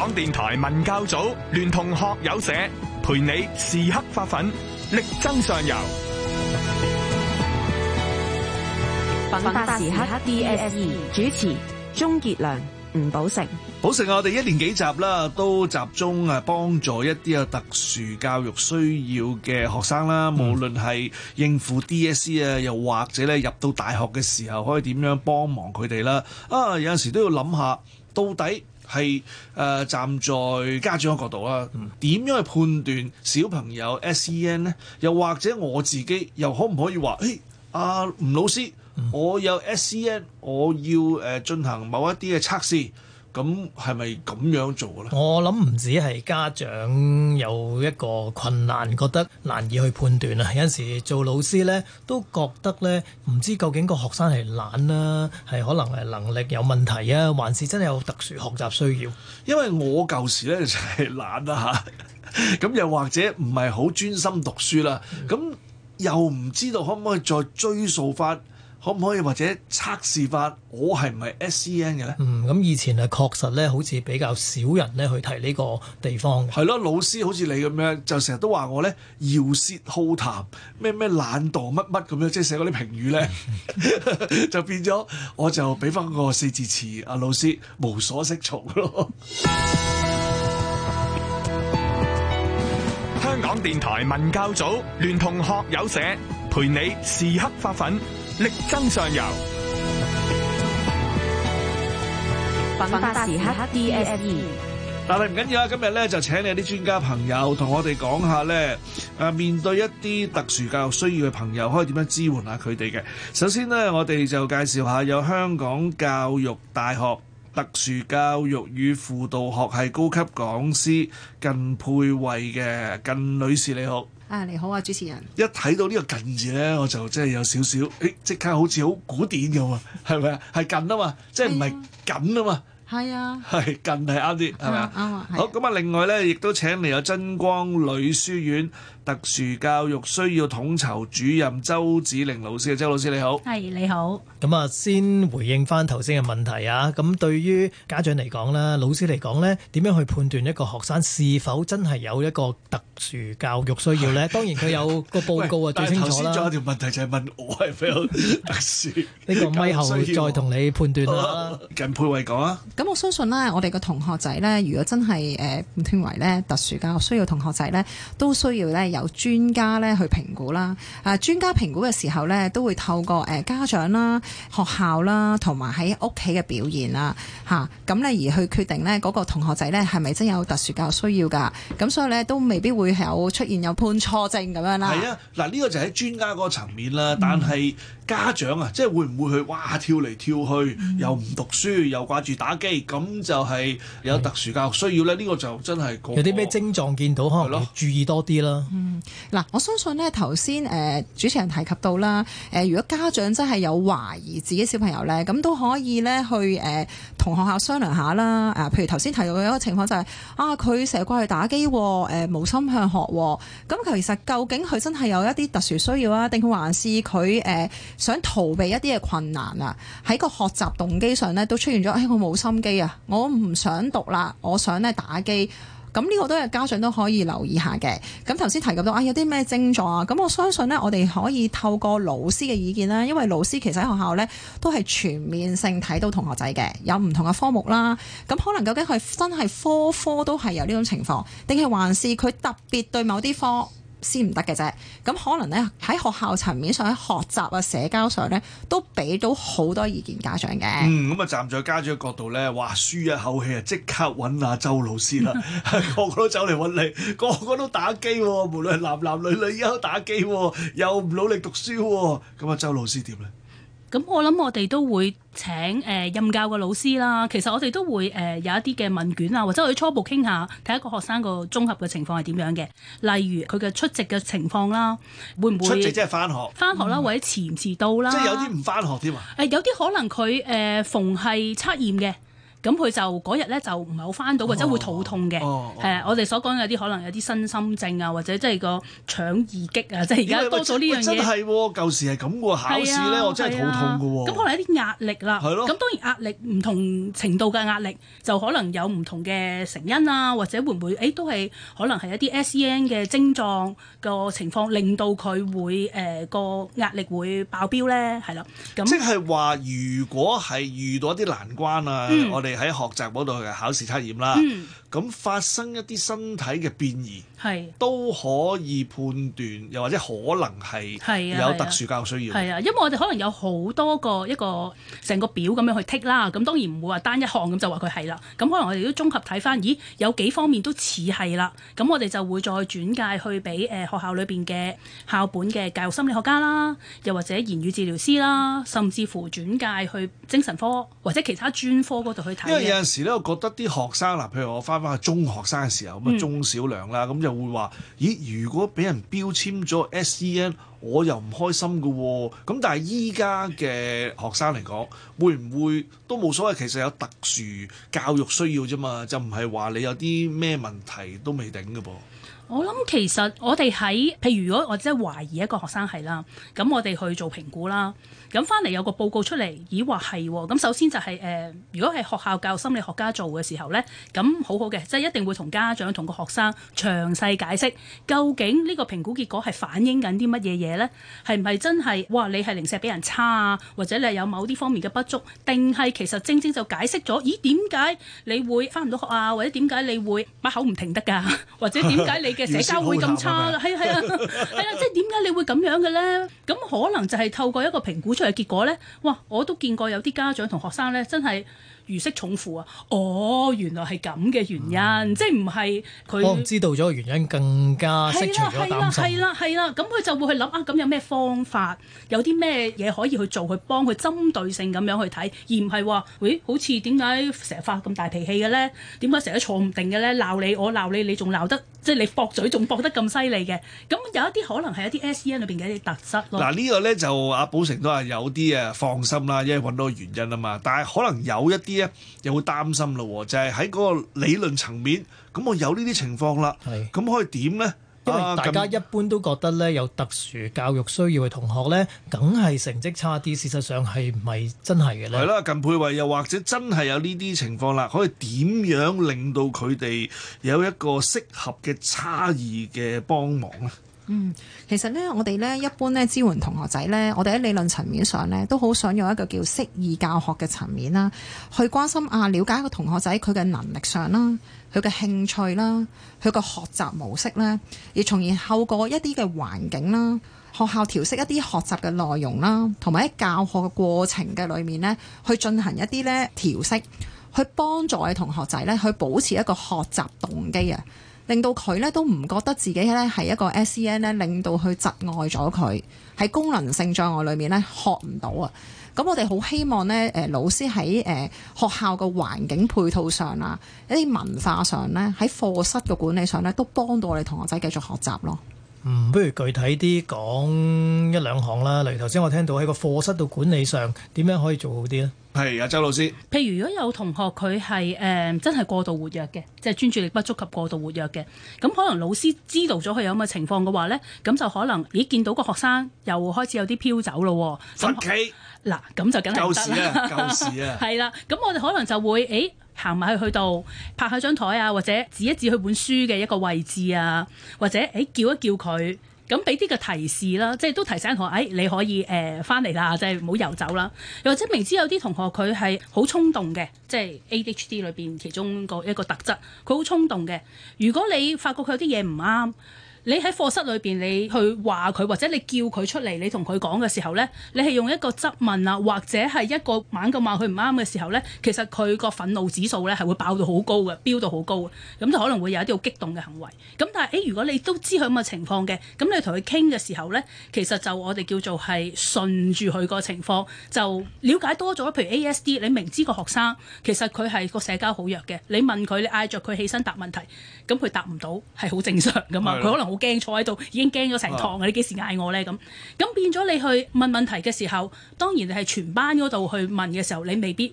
港電台文教組聯同學友社，陪你時刻發奮，力爭上游。品格時刻 D S E 主持：鍾杰良、吳寶成。寶成啊！我哋一年幾集啦，都集中啊幫助一啲有特殊教育需要嘅學生啦。無論係應付係誒、呃、站在家長嘅角度啦，點樣去判斷小朋友 SEN 呢？又或者我自己又可唔可以話：誒阿、啊、吳老師，嗯、我有 SEN，我要誒、呃、進行某一啲嘅測試。咁係咪咁樣做呢？我諗唔止係家長有一個困難，覺得難以去判斷啊！有陣時做老師呢，都覺得呢，唔知究竟個學生係懶啦，係可能係能力有問題啊，還是真係有特殊學習需要？因為我舊時呢就係懶啦嚇，咁又或者唔係好專心讀書啦，咁又唔知道可唔可以再追溯翻？可唔可以或者測試法？我係唔係 SEN 嘅咧？嗯，咁以前啊，確實咧，好似比較少人咧去提呢個地方。係咯，老師好似你咁樣，就成日都話我咧，饒舌好談，咩咩懶惰乜乜咁樣，即係寫嗰啲評語咧，嗯、 就變咗，我就俾翻個四字詞，阿老師無所適從咯。 香港電台文教組聯同學友社，陪你時刻發奮。力爭上游，粉發時刻 D F E。但係唔緊要啊！今日咧就請你啲專家朋友同我哋講下咧，誒，面對一啲特殊教育需要嘅朋友，可以點樣支援下佢哋嘅。首先咧，我哋就介紹下有香港教育大學特殊教育與輔導學系高級講師覲佩慧嘅覲女士，你好。啊，你好啊，主持人。一睇到呢個近字咧，我就即係有少少，誒、哎，即刻好似好古典咁啊，係咪啊？係近啊嘛， 即係唔係緊啊嘛。係啊。 係近係啱啲，係咪啊？啱啊。好，咁啊，另外咧，亦都請嚟有真光女書院。特殊教育需要統籌主任周芷苓老師嘅。周老師你好，係你好。咁啊，先回應翻頭先嘅問題啊。咁對於家長嚟講啦，老師嚟講咧，點樣去判斷一個學生是否真係有一個特殊教育需要咧？ 當然佢有個報告啊，最清楚啦。 但係頭先仲有條問題就係問我係唔係特殊？呢 個咪後再同你判斷啦。覲佩慧講啊。咁我相信啦，我哋個同學仔咧，如果真係誒，判斷為咧特殊教育需要同學仔咧，都需要咧。有專家咧去評估啦，啊專家評估嘅時候咧，都會透過誒家長啦、學校啦，同埋喺屋企嘅表現啦，嚇咁咧而去決定咧嗰個同學仔咧係咪真有特殊教育需要㗎？咁所以咧都未必會有出現有判錯症咁樣啦。係啊，嗱、這、呢個就係專家嗰個層面啦，但係。嗯家長啊，即係會唔會去哇跳嚟跳去，又唔讀書，又掛住打機，咁就係有特殊教育需要咧？呢的個就真係、那個、有啲咩徵狀見到，可能要注意多啲啦。嗱、嗯，我相信呢頭先誒主持人提及到啦，誒、呃、如果家長真係有懷疑自己小朋友咧，咁都可以咧去誒、呃、同學校商量下啦。誒、呃，譬如頭先提到嘅一個情況就係、是、啊，佢成日掛住打機，誒、呃、無心向學，咁、呃、其實究竟佢真係有一啲特殊需要啊，定還是佢誒？想逃避一啲嘅困難啊，喺個學習動機上咧都出現咗，誒、哎、我冇心機啊，我唔想讀啦，我想咧打機。咁呢個都係家長都可以留意下嘅。咁頭先提及到、哎、徵徵啊，有啲咩症狀啊？咁我相信呢，我哋可以透過老師嘅意見啦，因為老師其實喺學校呢都係全面性睇到同學仔嘅，有唔同嘅科目啦。咁可能究竟佢真係科科都係有呢種情況，定係還是佢特別對某啲科？先唔得嘅啫，咁可能咧喺學校層面上喺學習啊、社交上咧，都俾到好多意見家長嘅。嗯，咁啊站在家長嘅角度咧，話舒一口氣啊，即刻揾阿周老師啦， 個個都走嚟揾你，個個都打機、啊，無論男男女女而家都打機、啊，又唔努力讀書、啊，咁阿周老師點咧？咁我諗我哋都會請誒、呃、任教嘅老師啦，其實我哋都會誒、呃、有一啲嘅問卷啊，或者去初步傾下睇一個學生個綜合嘅情況係點樣嘅，例如佢嘅出席嘅情況啦，會唔會出席即係翻學？翻學啦，或者遲唔遲到啦。嗯、即係有啲唔翻學添啊？誒、呃，有啲可能佢誒、呃、逢係測驗嘅。咁佢就嗰日咧就唔係好翻到，或者會肚痛嘅。誒，我哋所講有啲可能有啲身心症啊，或者即係個腸易激啊，即係而家多咗呢樣嘢。真係，舊時係咁嘅。考試咧，我真係肚痛嘅。咁可能一啲壓力啦。係咯。咁當然壓力唔同程度嘅壓力，就可能有唔同嘅成因啊，或者會唔會誒都係可能係一啲 SEN 嘅症狀個情況令到佢會誒個壓力會爆標咧，係啦，咁即係話如果係遇到一啲難關啊，我哋。喺學習嗰度嘅考試測驗啦。 咁發生一啲身體嘅變異，係、啊、都可以判斷，又或者可能係有特殊教育需要。係啊，啊，因為我哋可能有好多個一個成個表咁樣去剔啦，咁當然唔會話單一項咁就話佢係啦。咁可能我哋都綜合睇翻，咦，有幾方面都似係啦。咁我哋就會再轉介去俾誒、呃、學校裏邊嘅校本嘅教育心理學家啦，又或者言語治療師啦，甚至乎轉介去精神科或者其他專科嗰度去睇。因為有陣時咧，我覺得啲學生嗱，譬如我翻。中學生嘅時候咁啊，中小量啦，咁、嗯、就會話：咦，如果俾人標籤咗 SEN，我又唔開心嘅喎、啊。咁但係依家嘅學生嚟講，會唔會都冇所謂？其實有特殊教育需要啫嘛，就唔係話你有啲咩問題都未頂嘅噃、啊。我諗其實我哋喺譬如如果我即係懷疑一個學生係啦，咁我哋去做評估啦，咁返嚟有個報告出嚟，咦話係，咁、哦、首先就係、是、誒、呃，如果係學校教育心理學家做嘅時候咧，咁好好嘅，即係一定會同家長同個學生詳細解釋究竟呢個評估結果係反映緊啲乜嘢嘢咧？係唔係真係哇你係零舍俾人差啊？或者你有某啲方面嘅不足？定係其實正正就解釋咗，咦點解你會返唔到學啊？或者點解你會把口唔停得㗎？或者點解你？ 嘅社交會咁差啦，係啊係啊，係啊，即係點解你會咁樣嘅咧？咁 可能就係透過一個評估出嘅結果咧。哇！我都見過有啲家長同學生咧，真係。如釋重負啊！哦，原來係咁嘅原因，嗯、即係唔係佢知道咗個原因更加釋除咗擔心。係啦係啦係啦係啦，咁佢、啊啊啊啊啊、就會去諗啊，咁有咩方法，有啲咩嘢可以去做去幫佢針對性咁樣去睇，而唔係話誒好似點解成日發咁大脾氣嘅咧？點解成日坐唔定嘅咧？鬧你我鬧你，你仲鬧得即係你駁嘴仲駁得咁犀利嘅？咁有一啲可能係一啲 S.E.N. 裏邊嘅一啲特質咯。嗱、啊這個、呢個咧就阿、啊、寶成都係有啲啊放心啦，因為揾到個原因啊嘛，但係可能有一啲。又會擔心咯，就係喺嗰個理論層面，咁我有呢啲情況啦，咁是可以點呢？因為大家一般都覺得呢，有特殊教育需要嘅同學呢，梗係成績差啲。事實上係唔係真係嘅咧？係啦，覲佩慧又或者真係有呢啲情況啦，可以點樣令到佢哋有一個適合嘅差異嘅幫忙咧？嗯，其實咧，我哋咧一般咧支援同學仔咧，我哋喺理論層面上咧，都好想用一個叫適異教學嘅層面啦，去關心啊，了解一個同學仔佢嘅能力上啦，佢嘅興趣啦，佢個學習模式啦，而從而透過一啲嘅環境啦，學校調適一啲學習嘅內容啦，同埋喺教學嘅過程嘅裏面咧，去進行一啲咧調適，去幫助嘅同學仔咧去保持一個學習動機啊。令到佢咧都唔覺得自己咧係一個 SEN 咧，令到佢窒礙咗佢喺功能性障礙裏面咧學唔到啊！咁我哋好希望咧誒、呃、老師喺誒、呃、學校嘅環境配套上啊，一啲文化上咧喺課室嘅管理上咧都幫到我哋同學仔繼續學習咯。嗯，不如具體啲講一兩行啦。例如頭先我聽到喺個課室度管理上，點樣可以做好啲咧？係啊，周老師。譬如如果有同學佢係誒真係過度活躍嘅，即係專注力不足及過度活躍嘅，咁可能老師知道咗佢有咁嘅情況嘅話咧，咁就可能咦見到個學生又開始有啲飄走咯喎。罰嗱，咁奇就梗係舊時啊，舊時啊。係啦、 啊，咁我哋可能就會誒。欸行埋去去到，拍下張台啊，或者指一指佢本書嘅一個位置啊，或者誒叫一叫佢，咁俾啲個提示啦，即係都提醒同學，誒你可以誒翻嚟啦，即係唔好遊走啦。又或者明知有啲同學佢係好衝動嘅，即係 ADHD 裏邊其中個一個特質，佢好衝動嘅。如果你發覺佢有啲嘢唔啱。你喺課室裏邊，你去話佢或者你叫佢出嚟，你同佢講嘅時候呢，你係用一個質問啊，或者係一個猛咁話佢唔啱嘅時候呢，其實佢個憤怒指數呢係會爆到好高嘅，飆到好高，咁就可能會有一啲好激動嘅行為。咁但係、欸、如果你都知佢咁嘅情況嘅，咁你同佢傾嘅時候呢，其實就我哋叫做係順住佢個情況，就了解多咗。譬如 A.S.D，你明知個學生其實佢係個社交好弱嘅，你問佢，你嗌着佢起身答問題，咁佢答唔到係好正常噶嘛，佢的可能。好驚坐喺度，已經驚咗成堂嘅，你幾時嗌我咧？咁咁、oh. 變咗你去問問題嘅時候，當然你係全班嗰度去問嘅時候，你未必。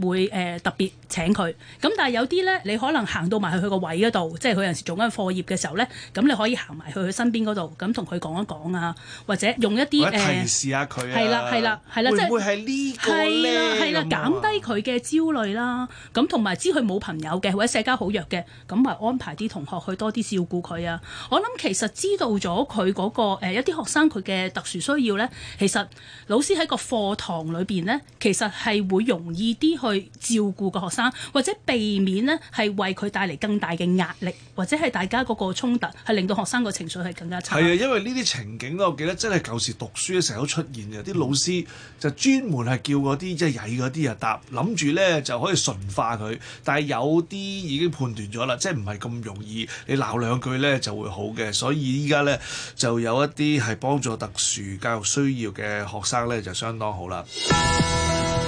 會誒、呃、特別請佢咁，但係有啲咧，你可能行到埋去佢個位嗰度，即係佢有陣時做緊課業嘅時候咧，咁你可以行埋去佢身邊嗰度，咁同佢講一講啊，或者用一啲誒提示下佢、啊，係啦係啦係啦，即係會唔會係呢個咧減低佢嘅焦慮啦？咁同埋知佢冇朋友嘅，或者社交好弱嘅，咁咪安排啲同學去多啲照顧佢啊？我諗其實知道咗佢嗰個、呃、一啲學生佢嘅特殊需要咧，其實老師喺個課堂裏邊咧，其實係會容易啲去。去照顧個學生，或者避免呢係為佢帶嚟更大嘅壓力，或者係大家嗰個衝突係令到學生個情緒係更加差。係啊，因為呢啲情景我記得真係舊時讀書嘅時候都出現嘅，啲、嗯、老師就專門係叫嗰啲即係曳嗰啲啊答，諗住呢就可以馴化佢。但係有啲已經判斷咗啦，即係唔係咁容易你鬧兩句呢就會好嘅。所以依家呢，就有一啲係幫助特殊教育需要嘅學生呢，就相當好啦。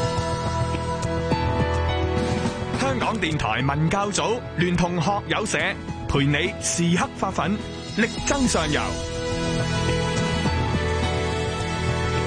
電台文教組聯同學友社，陪你時刻發奮，力爭上游。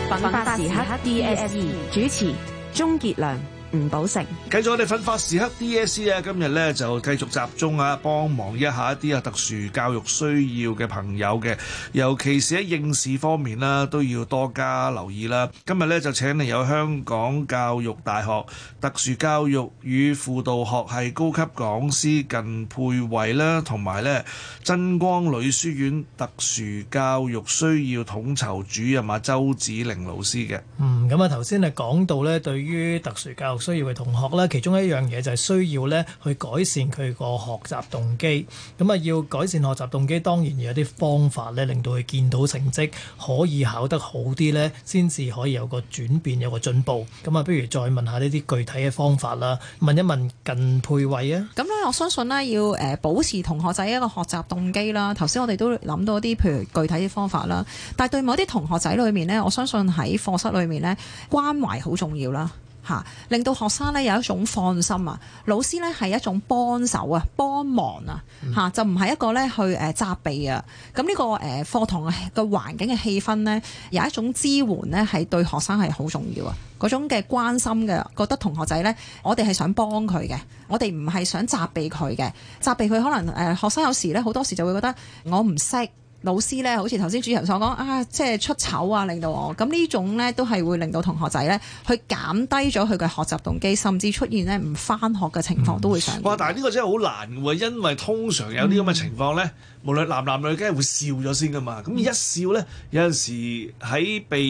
品牌時刻 DSE 主持鍾杰良。吳寶成，繼續我哋奮發時刻 D.S.C. 啊，今日咧就繼續集中啊，幫忙一下一啲啊特殊教育需要嘅朋友嘅，尤其是喺應試方面啦，都要多加留意啦。今日咧就請嚟有香港教育大學特殊教育與輔導學系高級講師覲佩慧啦，同埋咧真光女書院特殊教育需要統籌主任嘛周芷苓老師嘅。嗯，咁啊頭先係講到咧，對於特殊教需要嘅同學咧，其中一樣嘢就係需要咧去改善佢個學習動機。咁啊，要改善學習動機，當然有啲方法咧，令到佢見到成績可以考得好啲咧，先至可以有個轉變，有個進步。咁啊，不如再問下呢啲具體嘅方法啦。問一問近配位覲佩慧啊。咁咧，我相信呢要誒保持同學仔一個學習動機啦。頭先我哋都諗到啲譬如具體嘅方法啦，但係對某啲同學仔裏面呢，我相信喺課室裏面呢，關懷好重要啦。嚇，令到學生咧有一種放心啊。老師咧係一種幫手啊，幫忙啊嚇，嗯、就唔係一個咧去誒責備啊。咁呢個誒課堂嘅環境嘅氣氛咧有一種支援咧，係對學生係好重要啊。嗰種嘅關心嘅覺得同學仔咧，我哋係想幫佢嘅，我哋唔係想責備佢嘅。責備佢可能誒學生有時咧好多時就會覺得我唔識。老師咧，好似頭先主持人所講啊，即係出醜啊，令到我咁呢種咧，都係會令到同學仔咧，去減低咗佢嘅學習動機，甚至出現咧唔返學嘅情況、嗯、都會上。哇！但係呢個真係好難喎，因為通常有啲咁嘅情況咧，嗯、無論男男女，梗係會笑咗先噶嘛。咁一笑咧，有陣時喺被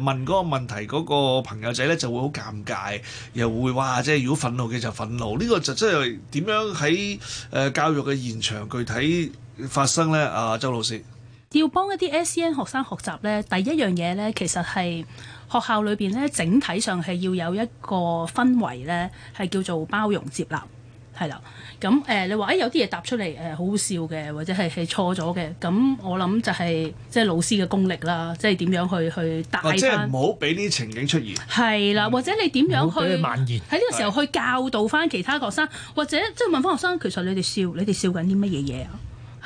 問嗰個問題嗰、嗰個朋友仔咧，就會好尷尬，又會哇！即係如果憤怒嘅就憤怒，呢、呢個就真係點樣喺誒教育嘅現場具體？發生咧，阿、啊、周老師要幫一啲 SEN 學生學習咧，第一樣嘢咧，其實係學校裏邊咧，整體上係要有一個氛圍咧，係叫做包容接納，係啦。咁誒、呃，你話誒、欸、有啲嘢答出嚟誒、呃，好好笑嘅，或者係係錯咗嘅，咁我諗就係、是、即係老師嘅功力啦，即係點樣去、啊、去帶翻。即係唔好俾呢啲情景出現。係啦，或者你點樣去、嗯、蔓延？喺呢個時候去教導翻其他學生，的或者即係問翻學生，其實你哋笑，你哋笑緊啲乜嘢嘢啊？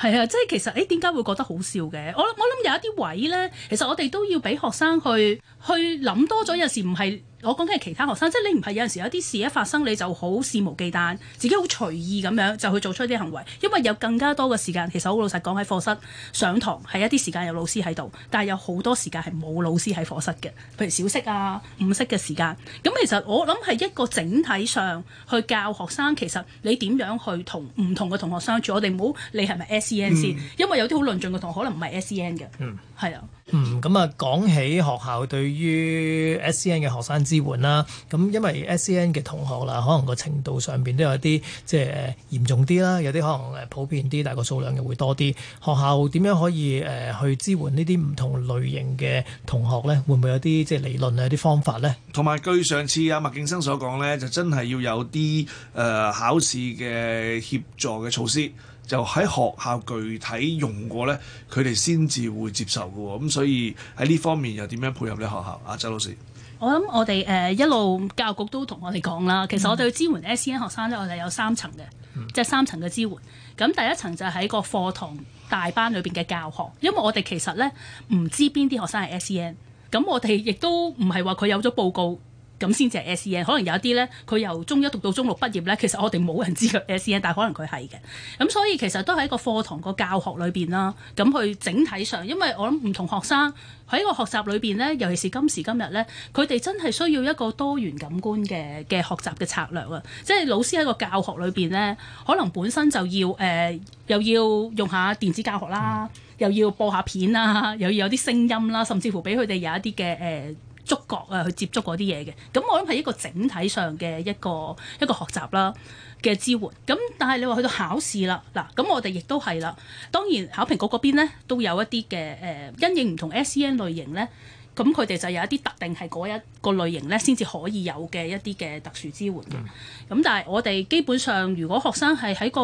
係啊，即係其實誒點解會覺得好笑嘅？我我諗有一啲位咧，其實我哋都要俾學生去去諗多咗，有時唔係。我講緊係其他學生，即係你唔係有陣時有啲事一發生，你就好肆無忌憚，自己好隨意咁樣就去做出一啲行為，因為有更加多嘅時間。其實好老實講，喺課室上堂係一啲時間有老師喺度，但係有好多時間係冇老師喺課室嘅，譬如小息啊、午息嘅時間。咁其實我諗係一個整體上去教學生，其實你點樣去同唔同嘅同學相處？我哋唔好理係咪 S.E.N. 先，因為有啲好論盡嘅同學可能唔係 S.E.N. 嘅。嗯。係啊，嗯，咁啊講起學校對於 SEN 嘅學生支援啦，咁因為 SEN 嘅同學啦，可能個程度上邊都有啲即係嚴重啲啦，有啲可能誒普遍啲，但係個數量又會多啲。學校點樣可以誒、呃、去支援呢啲唔同類型嘅同學咧？會唔會有啲即係理論啊？有啲方法咧？同埋據上次阿、啊、麥敬生所講咧，就真係要有啲誒、呃、考試嘅協助嘅措施。就喺學校具體用過咧，佢哋先至會接受嘅喎，咁所以喺呢方面又點樣配合啲學校？阿周老師，我諗我哋誒、呃、一路教育局都同我哋講啦，其實我哋去支援 SEN 學生咧，我哋有三層嘅，嗯、即係三層嘅支援。咁第一層就係喺個課堂大班裏邊嘅教學，因為我哋其實咧唔知邊啲學生係 SEN，咁我哋亦都唔係話佢有咗報告。咁先至係 SEN，可能有一啲咧，佢由中一讀到中六畢業咧，其實我哋冇人知佢 SEN，但係可能佢係嘅。咁、嗯、所以其實都係一個課堂個教學裏邊啦。咁、嗯、佢整體上，因為我諗唔同學生喺個學習裏邊咧，尤其是今時今日咧，佢哋真係需要一個多元感官嘅嘅學習嘅策略啊。即係老師喺個教學裏邊咧，可能本身就要誒、呃，又要用下電子教學啦，又要播下片啦，又要有啲聲音啦，甚至乎俾佢哋有一啲嘅誒。呃觸覺啊，去接觸嗰啲嘢嘅，咁我諗係一個整體上嘅一個一個學習啦嘅支援。咁但係你話去到考試啦，嗱，咁我哋亦都係啦。當然考評局嗰邊咧，都有一啲嘅誒，因應唔同 SCN 類型咧，咁佢哋就有一啲特定係嗰一個類型咧，先至可以有嘅一啲嘅特殊支援嘅。咁、嗯、但係我哋基本上，如果學生係喺個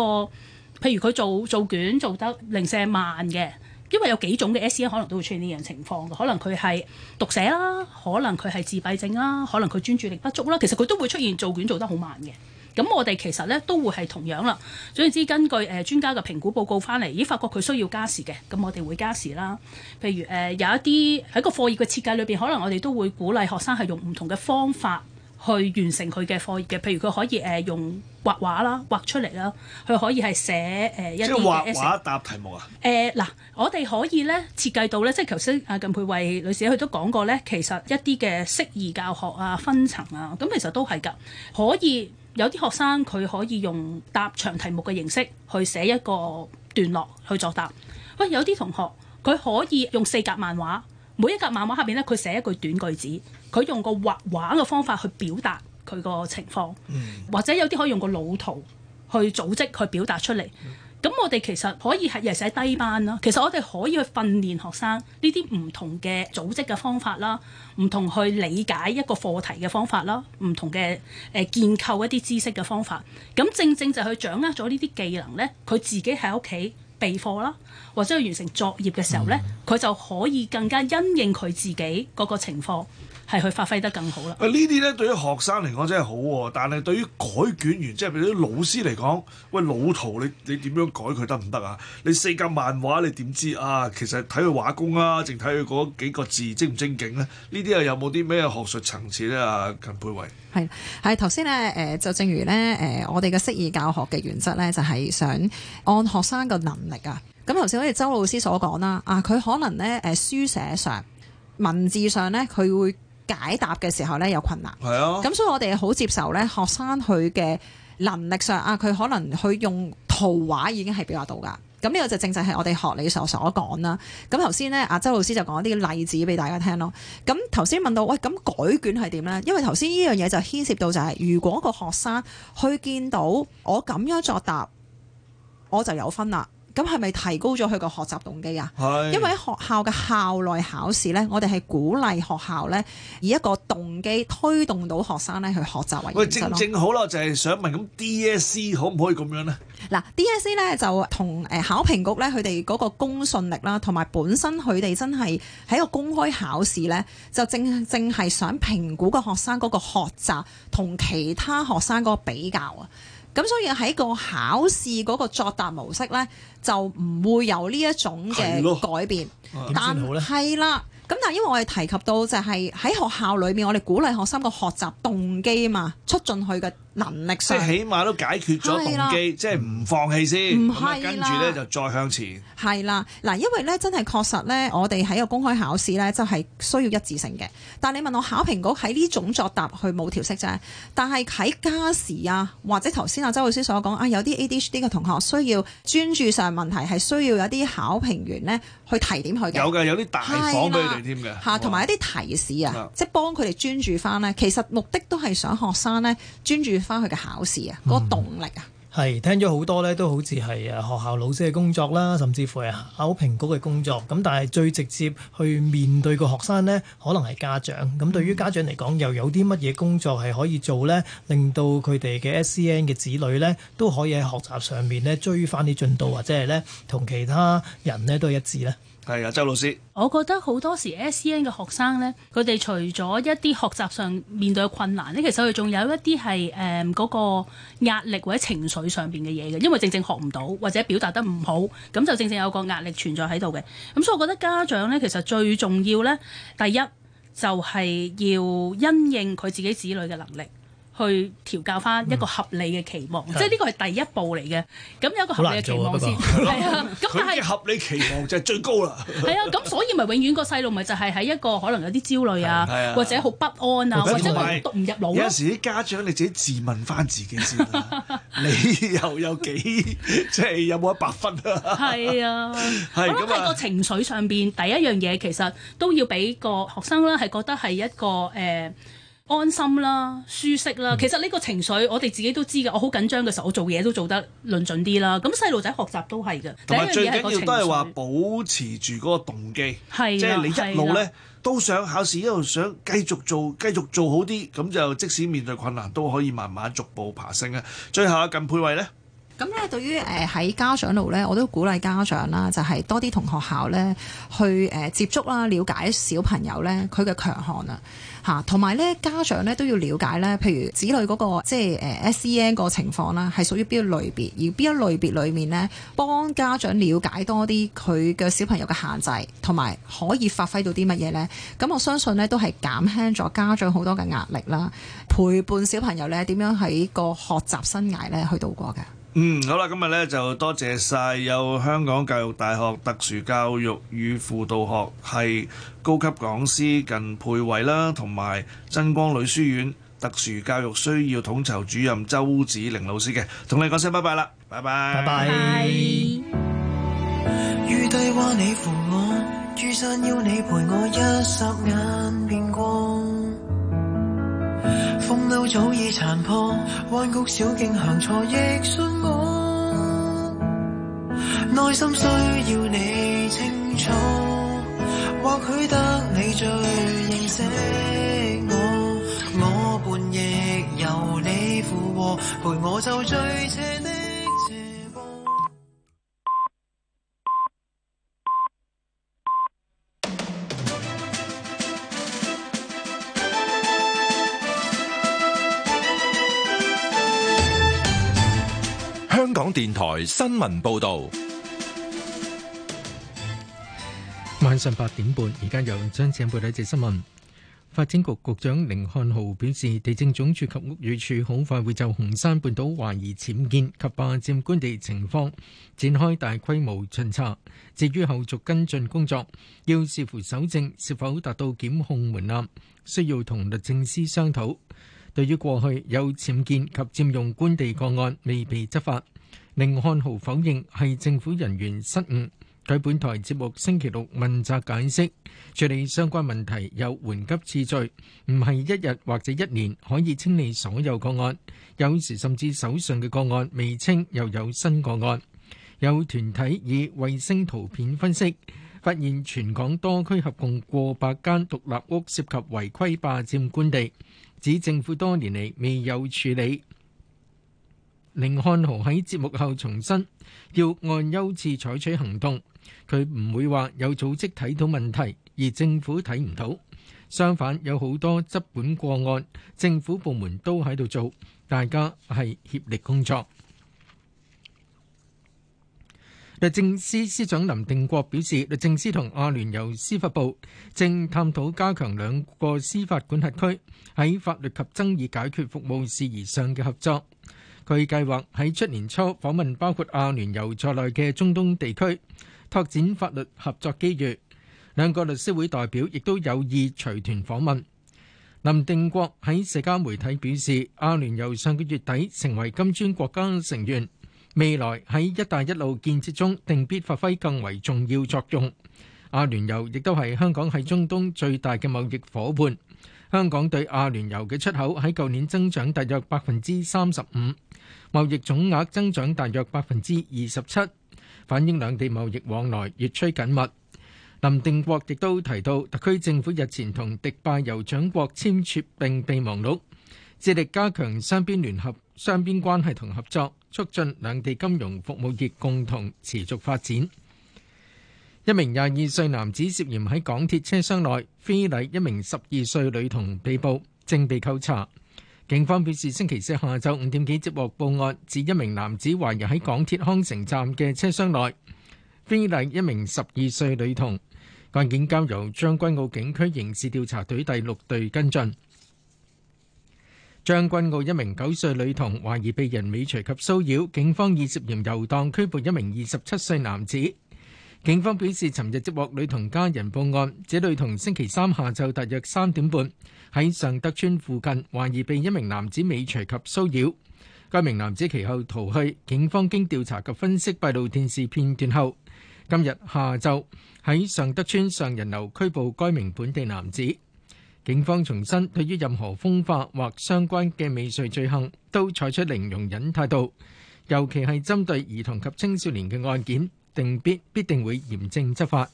譬如佢做做卷做得零舍慢嘅。因為有幾種嘅 SEN 可能都會出現呢樣情況嘅，可能佢係讀寫啦，可能佢係自閉症啦，可能佢專注力不足啦，其實佢都會出現做卷做得好慢嘅。咁我哋其實咧都會係同樣啦，總言之根據誒、呃、專家嘅評估報告翻嚟，已經發覺佢需要加時嘅，咁我哋會加時啦。譬如誒、呃、有一啲喺個課業嘅設計裏邊，可能我哋都會鼓勵學生係用唔同嘅方法。去完成佢嘅課業嘅，譬如佢可以誒、呃、用畫畫啦，畫出嚟啦，佢可以係寫誒一啲即係畫畫寫答題目啊。誒嗱、呃，我哋可以咧設計到咧，即係頭先阿覲佩慧女士佢都講過咧，其實一啲嘅適宜教學啊、分層啊，咁其實都係㗎，可以有啲學生佢可以用答長題目嘅形式去寫一個段落去作答。喂，有啲同學佢可以用四格漫畫，每一格漫畫下邊咧佢寫一句短句子。佢用個畫畫嘅方法去表達佢個情況，嗯、或者有啲可以用個腦圖去組織去表達出嚟。咁、嗯、我哋其實可以係，尤其是低班啦。其實我哋可以去訓練學生呢啲唔同嘅組織嘅方法啦，唔同去理解一個課題嘅方法啦，唔同嘅誒、呃、建構一啲知識嘅方法。咁正正就去掌握咗呢啲技能呢，佢自己喺屋企備課啦，或者去完成作業嘅時候呢，佢、嗯、就可以更加因應佢自己嗰個情況。係去發揮得更好啦！呢啲咧對於學生嚟講真係好喎，但係對於改卷員，即係譬如啲老師嚟講，喂老徒，你你點樣改佢得唔得啊？你四格漫畫，你點知啊？其實睇佢畫工啊，淨睇佢嗰幾個字精唔精勁咧？呢啲又有冇啲咩學術層次咧？啊，覲佩慧係係頭先咧，誒、呃、就正如咧，誒、呃、我哋嘅適異教學嘅原則咧，就係、是、想按學生嘅能力啊。咁頭先好似周老師所講啦，啊佢可能咧誒書寫上文字上咧，佢會。解答嘅時候咧，有困難，係啊，咁所以我哋好接受咧，學生佢嘅能力上啊，佢可能去用圖畫已經係比較到㗎。咁呢個就正正係我哋學理所所講啦。咁頭先咧，阿周老師就講一啲例子俾大家聽咯。咁頭先問到喂，咁改卷係點咧？因為頭先呢樣嘢就牽涉到就係、是，如果個學生去見到我咁樣作答，我就有分啦。咁係咪提高咗佢個學習動機啊？係，因為喺學校嘅校內考試呢，我哋係鼓勵學校呢以一個動機推動到學生呢去學習為。正正好咯，就係想問咁 DSE 可唔可以咁樣呢？嗱 DSE 呢就同誒考評局呢，佢哋嗰個公信力啦，同埋本身佢哋真係喺一個公開考試呢，就正正係想評估個學生嗰個學習同其他學生嗰個比較啊。咁所以喺個考試嗰個作答模式咧，就唔會有呢一種嘅改變。的但係啦，咁但係因為我哋提及到就係喺學校裏面，我哋鼓勵學生個學習動機啊嘛，促進佢嘅。能力上，即係起碼都解決咗動機，的即係唔放棄先。唔係啦，跟住咧的就再向前。係啦，嗱，因為咧真係確實咧，我哋喺個公開考試咧，就係、是、需要一致性嘅。但係你問我考評局喺呢種作答去冇調適啫？但係喺加時啊，或者頭先阿周老師所講啊，有啲 ADHD 嘅同學需要專注上問題，係需要有啲考評員咧去提點佢嘅。有嘅，的哇有啲大房俾佢哋添嘅。吓，同埋一啲提示啊，即係幫佢哋專注翻咧。其實目的都係想學生咧專注。翻去嘅考試啊，嗰、嗯、個動力啊，係聽咗好多咧，都好似係誒學校老師嘅工作啦，甚至乎係考評局嘅工作。咁但係最直接去面對個學生呢，可能係家長。咁對於家長嚟講，嗯、又有啲乜嘢工作係可以做呢？令到佢哋嘅 S E N 嘅子女呢，都可以喺學習上面呢追翻啲進度，嗯、或者係呢同其他人呢都係一致呢。係啊，周老師，我覺得好多時 SEN 嘅學生呢，佢哋除咗一啲學習上面對嘅困難呢，其實佢仲有一啲係誒嗰個壓力或者情緒上邊嘅嘢嘅，因為正正學唔到或者表達得唔好，咁就正正有個壓力存在喺度嘅。咁所以我覺得家長呢，其實最重要呢，第一就係、是、要因應佢自己子女嘅能力。去調教翻一個合理嘅期望，即係呢個係第一步嚟嘅。咁有個合理嘅期望先，係啊。咁但係合理期望就係最高啦。係啊。咁所以咪永遠個細路咪就係喺一個可能有啲焦慮啊，或者好不安啊，或者讀唔入腦。有陣時啲家長你自己自問翻自己先，你又有幾即係有冇一百分啊？係啊。我諗喺個情緒上邊，第一樣嘢其實都要俾個學生啦，係覺得係一個誒。安心啦，舒適啦。嗯、其實呢個情緒，我哋自己都知噶。我好緊張嘅時候，我做嘢都做得論盡啲啦。咁細路仔學習都係噶。同埋有最緊要都係話保持住嗰個動機，即係、啊、你一路呢、啊、都想考試，一路想繼續做，繼續做好啲，咁就即使面對困難都可以慢慢逐步爬升啊。最後啊，覲佩慧呢？咁呢、嗯、對於誒喺家長度呢，我都鼓勵家長啦，就係、是、多啲同學校呢去誒、呃、接觸啦，了解小朋友呢，佢嘅強項啊。嚇，同埋咧家長咧都要了解咧，譬如子女嗰個即係誒 SEN 個情況啦，係屬於邊個類別，而邊一類別裡面咧，幫家長了解多啲佢嘅小朋友嘅限制，同埋可以發揮到啲乜嘢咧？咁我相信咧都係減輕咗家長好多嘅壓力啦，陪伴小朋友咧點樣喺個學習生涯咧去度過嘅。嗯，好啦，今日咧就多謝晒。有香港教育大學特殊教育與輔導學系高級講師覲佩慧啦，同埋真光女書院特殊教育需要統籌主任周芷苓老師嘅，同你講聲拜拜啦，拜拜，拜拜。風褸早已殘破，彎曲小徑行錯亦信我。內心需要你清楚，或許得你最認識我。我伴亦由你附和，陪我走最斜的。電台新聞報道，晚上八點半，而家由張子欣報道呢節新聞。發展局局長凌漢豪表示，地政總署及屋宇署好快會就紅山半島懷疑僭建及霸佔官地情況展開大規模巡查。至於後續跟進工作，要視乎搜證是否達到檢控門檻，需要同律政司商討。對於過去有僭建及佔用官地個案未被執法。寧漢豪否認係政府人員失誤。佢本台節目星期六問責，解釋處理相關問題有緩急次序，唔係一日或者一年可以清理所有個案。有時甚至手上嘅個案未清，又有新個案。有團體以衛星圖片分析，發現全港多區合共過百間獨立屋涉及違規霸佔官地，指政府多年嚟未有處理。凌漢豪喺節目後重申，要按優次採取行動。佢唔會話有組織睇到問題，而政府睇唔到。相反，有好多執管個案，政府部門都喺度做，大家係協力工作。律政司司長林定國表示，律政司同阿聯酋司法部正探討加強兩個司法管轄區喺法律及爭議解決服務事宜上嘅合作。佢計劃喺出年初訪問包括阿聯酋在內嘅中東地區，拓展法律合作機遇。兩個律師會代表亦都有意隨團訪問。林定國喺社交媒體表示，阿聯酋上個月底成為金磚國家成員，未來喺一帶一路建設中定必發揮更為重要作用。阿聯酋亦都係香港喺中東最大嘅貿易夥伴。香港對阿聯酋嘅出口喺舊年增長大約百分之三十五。貿易總額增長大約百分之二十七，反映兩地貿易往來越趨緊密。林定國亦都提到，特區政府日前同迪拜酋長國簽署並備忘錄，致力加強雙邊聯合、雙邊關係同合作，促進兩地金融服務業共同持續發展。一名廿二歲男子涉嫌喺港鐵車廂內非禮一名十二歲女童被捕，正被扣查。警方表示，星期四下晝五點幾接獲報案，指一名男子懷疑喺港鐵康城站嘅車廂內非禮一名十二歲女童。案件交由將軍澳警區刑事調查隊第六隊跟進。將軍澳一名九歲女童懷疑被人尾隨及騷擾，警方以涉嫌遊蕩拘捕一名二十七歲男子。警方表示，尋日接獲女童家人報案，指女童星期三下晝大約三點半喺尚德邨附近，懷疑被一名男子尾隨及騷擾，該名男子其後逃去，警方經調查及分析閉路電視片段後，今日下晝喺尚德邨尚仁樓拘捕該名本地男子。警方重申，對於任何風化或相關嘅尾隨罪行，都採取零容忍態度，尤其係針對兒童及青少年嘅案件。定必必定會嚴正執法。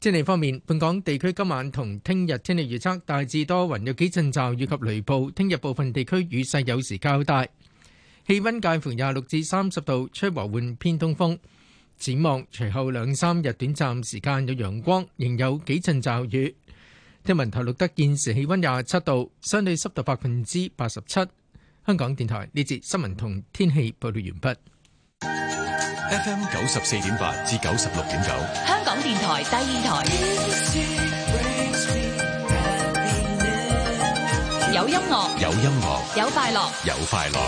天氣方面，本港地區今晚同聽日天氣預測大致多雲，有幾陣驟雨及雷暴。聽日部分地區雨勢有時較大，氣温介乎廿六至三十度，吹和緩偏東風。展望隨後兩三日短暫時間有陽光，仍有幾陣驟雨。天文台錄得現時氣温廿七度，相對濕度百分之八十七。香港電台呢節新聞同天氣報道完畢。FM 九十四點八至九十六點九，香港電台第二台，有音樂，有音樂，有快樂，有快樂。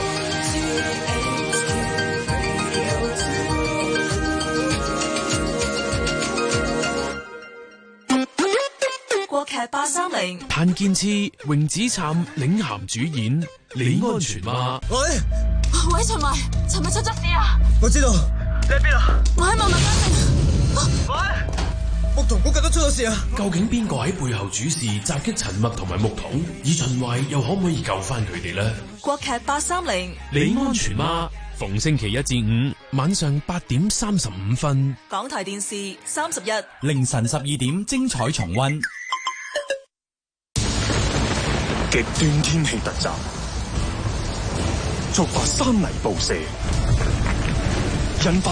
國劇八三零，譚建次、榮子杉領銜主演，你安全嗎、啊？喂、哎。喺秦邁，尋日出咗事啊！我知道，你喺邊啊？我喺萬民街城。喂，木桶估計都出咗事啊！究竟邊個喺背後主事襲擊陳邁同埋木桶？以秦淮又可唔可以救翻佢哋呢？國劇八三零，你安全嗎？逢星期一至五晚上八點三十五分，港台電視三十一，凌晨十二點精彩重溫。極端天氣特集。突發山泥暴射，引發。